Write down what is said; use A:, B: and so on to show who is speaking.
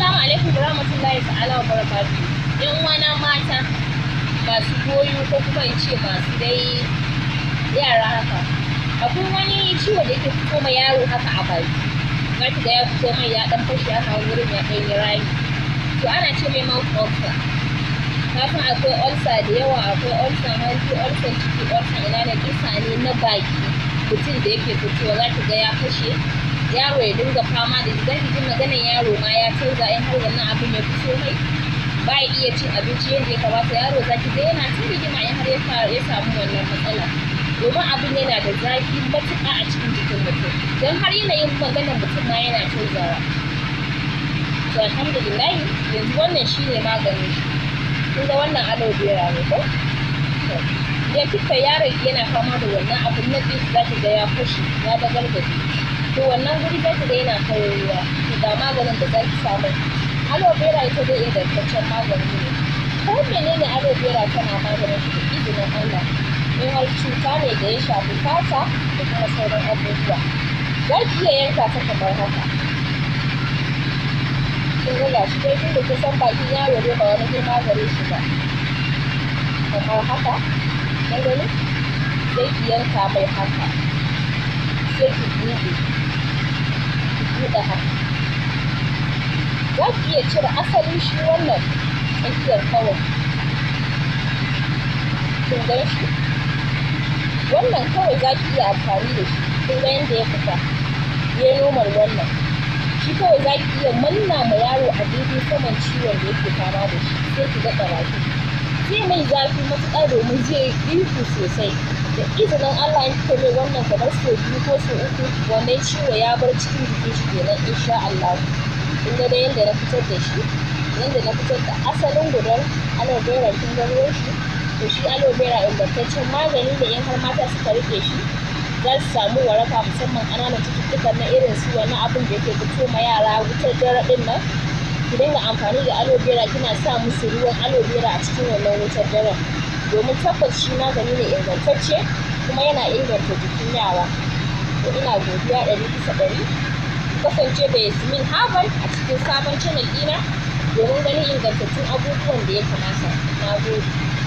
A: Assalamu alaikum wa rahmatullahi ta'ala wa barakatuhu. Yan uwana mata masu goyo ko kuma in ce masu dai yara haka. Akwai wani ciwo da yake fito ma yaro haka a baki. Za ki ga ya fito mai ya dan fashe haka wurin ya dan yi rami. To ana ce mai mouth ulcer. Ka akwai ulcer da yawa akwai ulcer hanji ulcer ciki ulcer ina da kisa ne na baki mutum da yake fitowa za ga ya fashe yaro ya dinga fama da shi zai ji maganar yaro ma ya canza in har wannan abin ya fito mai ba ya iya cin abinci yadda ya kamata yaro zaki ga yana cin rigima in har ya samu wannan matsala domin abin yana da zafi matuƙa a cikin jikin mutum don har yanayin maganar mutum ma yana canzawa to alhamdulillah yanzu wannan shine maganin shi kun ga wannan aloe vera ne ko ya kika yaron yana fama da wannan abin na ɗin da ya ga ya fashe ya to wannan guri za ta daina kawowa, kawo ga maganin da za ki samu aloe vera ita iya ingantaccen magani ne ko ne aloe vera tana maganin shi da izinin Allah in har cuta ne da ya shafi fata da kuma sauran abubuwa za ki iya yanka ta kamar haka kin ga shi dai tun da kusan bakin yaro dai ba wani girma gare shi ba kamar haka kin gani sai ki yanka mai haka sai ki buɗe buɗe za ki iya cire asalin shi wannan tsakiyar kawai kin gan shi wannan kawai za ki iya amfani da shi kin ga yadda ya fita ya nomar wannan shi kawai za ki iya manna ma yaro a daidai saman ciwon da yake fama da shi sai ki ga ƙarafi zai mai zafi matuƙa domin zai ihu sosai da izinin Allah ya kika mai wannan kamar sau biyu ko sau uku wannan ciwo ya bar cikin jikin shi kenan insha Allah in ga dai yadda na fitar da shi yadda na fitar da asalin gudan aloe vera kin ga shi to shi aloe vera ingantaccen magani da in har mata suka rike shi za su samu waraka musamman ƙananan cututtukan na irin su wani abin da yake fito ma yara wutar dare ɗin nan ki dinga amfani da aloe vera kina sa musu ruwan aloe vera a cikin wannan wutar daren domin tabbas shi magani ne ingantacce kuma yana inganta jikin yara to ina godiya ɗari bisa ɗari kasance da yasmin herbal a cikin sabon channel ɗina domin ganin ingantattun abubuwan da ya kamata na gode